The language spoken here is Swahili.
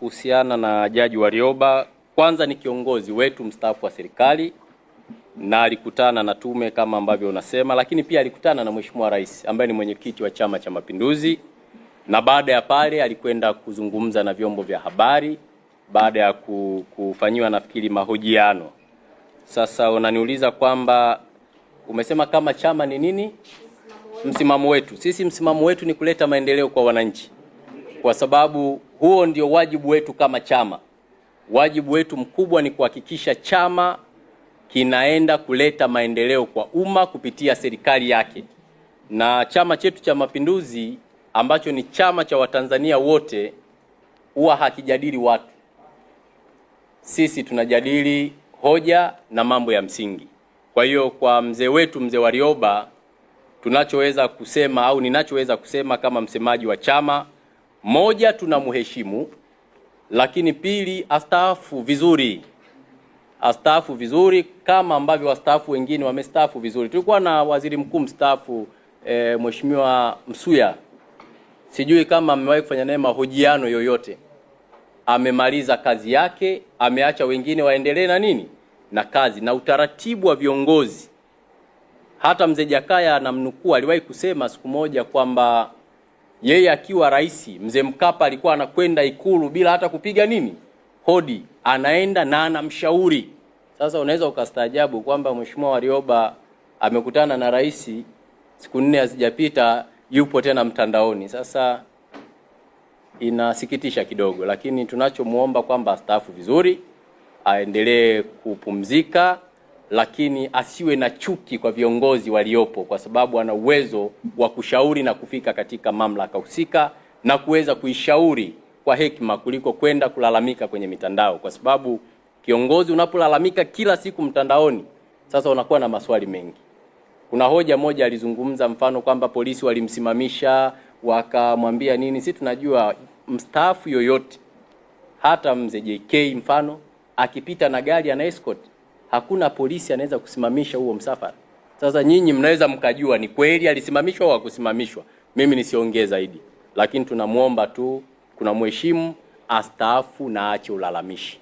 kuhusiana na Jaji Warioba, kwanza ni kiongozi wetu mstaafu wa serikali na alikutana na tume kama ambavyo unasema, lakini pia alikutana na Mheshimiwa Rais ambaye ni mwenyekiti wa Chama cha Mapinduzi, na baada ya pale alikwenda kuzungumza na vyombo vya habari baada ya kufanyiwa nafikiri mahojiano. Sasa unaniuliza kwamba umesema kama chama ni nini msimamo wetu? Sisi msimamo wetu ni kuleta maendeleo kwa wananchi, kwa sababu huo ndio wajibu wetu kama chama. Wajibu wetu mkubwa ni kuhakikisha chama kinaenda kuleta maendeleo kwa umma kupitia serikali yake, na chama chetu cha Mapinduzi ambacho ni chama cha Watanzania wote huwa hakijadili watu. Sisi tunajadili hoja na mambo ya msingi. Kwa hiyo kwa mzee wetu mzee Warioba tunachoweza kusema au ninachoweza kusema kama msemaji wa chama moja, tunamheshimu, lakini pili, astaafu vizuri, astaafu vizuri kama ambavyo wastaafu wengine wamestaafu vizuri. Tulikuwa na waziri mkuu mstaafu e, Mheshimiwa Msuya, sijui kama amewahi kufanya naye mahojiano yoyote. Amemaliza kazi yake, ameacha wengine waendelee na nini na kazi na utaratibu wa viongozi. Hata mzee Jakaya anamnukuu, aliwahi kusema siku moja kwamba yeye akiwa rais mzee Mkapa alikuwa anakwenda Ikulu bila hata kupiga nini hodi, anaenda na anamshauri. Sasa unaweza ukastaajabu kwamba mheshimiwa Warioba amekutana na rais siku nne hazijapita, yupo tena mtandaoni. Sasa inasikitisha kidogo, lakini tunachomwomba kwamba astaafu vizuri, aendelee kupumzika lakini asiwe na chuki kwa viongozi waliopo, kwa sababu ana uwezo wa kushauri na kufika katika mamlaka husika na kuweza kuishauri kwa hekima kuliko kwenda kulalamika kwenye mitandao, kwa sababu kiongozi unapolalamika kila siku mtandaoni, sasa unakuwa na maswali mengi. Kuna hoja moja alizungumza mfano kwamba polisi walimsimamisha wakamwambia nini. Si tunajua mstaafu yoyote, hata mzee JK mfano akipita na gari ana escort hakuna polisi anaweza kusimamisha huo msafara. Sasa nyinyi mnaweza mkajua ni kweli alisimamishwa au hakusimamishwa, mimi nisiongee zaidi, lakini tunamwomba tu, kuna mheshimu astaafu na aache ulalamishi.